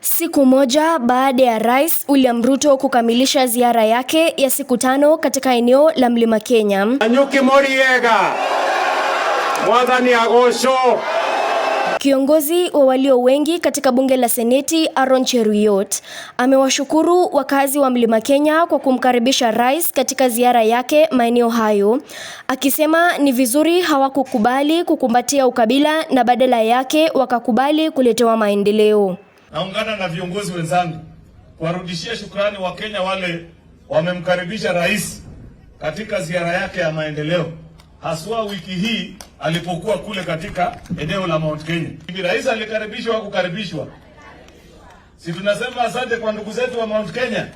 Siku moja baada ya Rais William Ruto kukamilisha ziara yake ya siku tano katika eneo la Mlima Kenya. Anyuki Moriega. Mwathani agosho Kiongozi wa walio wengi katika bunge la Seneti Aaron Cheruiyot amewashukuru wakazi wa Mlima Kenya kwa kumkaribisha rais katika ziara yake maeneo hayo, akisema ni vizuri hawakukubali kukumbatia ukabila na badala yake wakakubali kuletewa maendeleo. Naungana na viongozi wenzangu kuwarudishia shukrani Wakenya wale wamemkaribisha rais katika ziara yake ya maendeleo, haswa wiki hii alipokuwa kule katika eneo la Mount Kenya. Hivi rais alikaribishwa au kukaribishwa? Si tunasema asante kwa ndugu zetu wa Mount Kenya,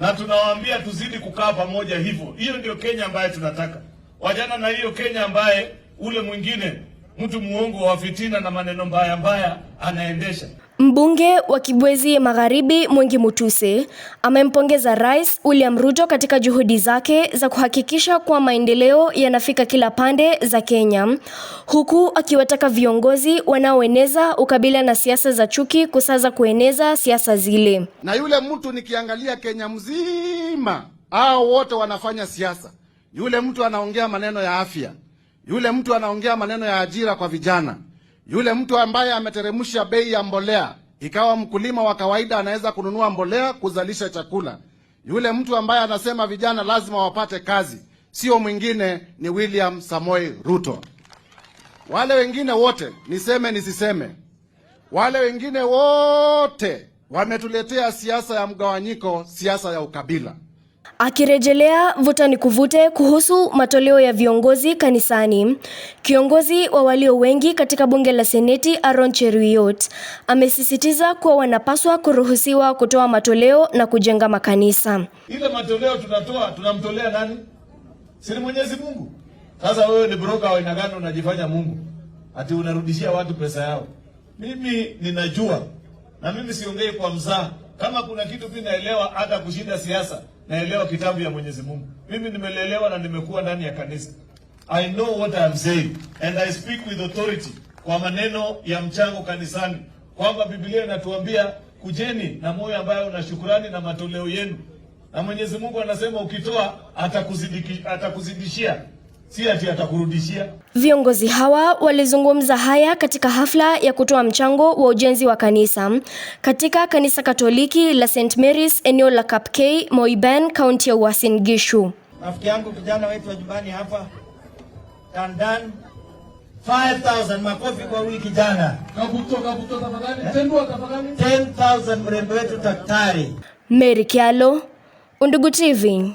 na tunawaambia tuzidi kukaa pamoja hivyo. Hiyo ndio Kenya ambaye tunataka wajana, na hiyo Kenya ambaye ule mwingine mtu muongo wa fitina na maneno mbaya mbaya anaendesha. Mbunge wa Kibwezi Magharibi mwingi Mutuse amempongeza Rais William Ruto katika juhudi zake za kuhakikisha kuwa maendeleo yanafika kila pande za Kenya, huku akiwataka viongozi wanaoeneza ukabila na siasa za chuki kusaza kueneza siasa zile. Na yule mtu nikiangalia Kenya mzima, hao wote wanafanya siasa. Yule mtu anaongea maneno ya afya, yule mtu anaongea maneno ya ajira kwa vijana yule mtu ambaye ameteremsha bei ya mbolea ikawa mkulima wa kawaida anaweza kununua mbolea kuzalisha chakula. Yule mtu ambaye anasema vijana lazima wapate kazi sio mwingine, ni William Samoei Ruto. Wale wengine wote, niseme nisiseme, wale wengine wote wametuletea siasa ya mgawanyiko, siasa ya ukabila. Akirejelea vuta ni kuvute kuhusu matoleo ya viongozi kanisani, kiongozi wa walio wengi katika bunge la seneti Aaron Cheruiyot amesisitiza kuwa wanapaswa kuruhusiwa kutoa matoleo na kujenga makanisa. Ile matoleo tunatoa tunamtolea nani? Si Mwenyezi Mungu? Sasa wewe ni broka wa aina gani unajifanya Mungu ati unarudishia watu pesa yao? Mimi ninajua na mimi siongei kwa mzaa, kama kuna kitu kinaelewa hata kushinda siasa naelewa kitabu ya Mwenyezi Mungu. Mimi nimelelewa na nimekuwa ndani ya kanisa. I know what I am saying and I speak with authority kwa maneno ya mchango kanisani, kwamba Biblia inatuambia kujeni na moyo ambayo una shukurani na matoleo yenu, na Mwenyezi Mungu anasema ukitoa atakuzidishia si ati atakurudishia. Viongozi hawa walizungumza haya katika hafla ya kutoa mchango wa ujenzi wa kanisa katika kanisa Katoliki la St Mary's eneo la Kapkei, Moiben, kaunti ya Uasin Gishu. Rafiki yangu kijana wetu wa nyumbani hapa Tandan 5000 makofi kwa wiki jana. Kabuto kabuto tafadhali. 10000 mrembo wetu daktari. Mary Kialo, Undugu TV.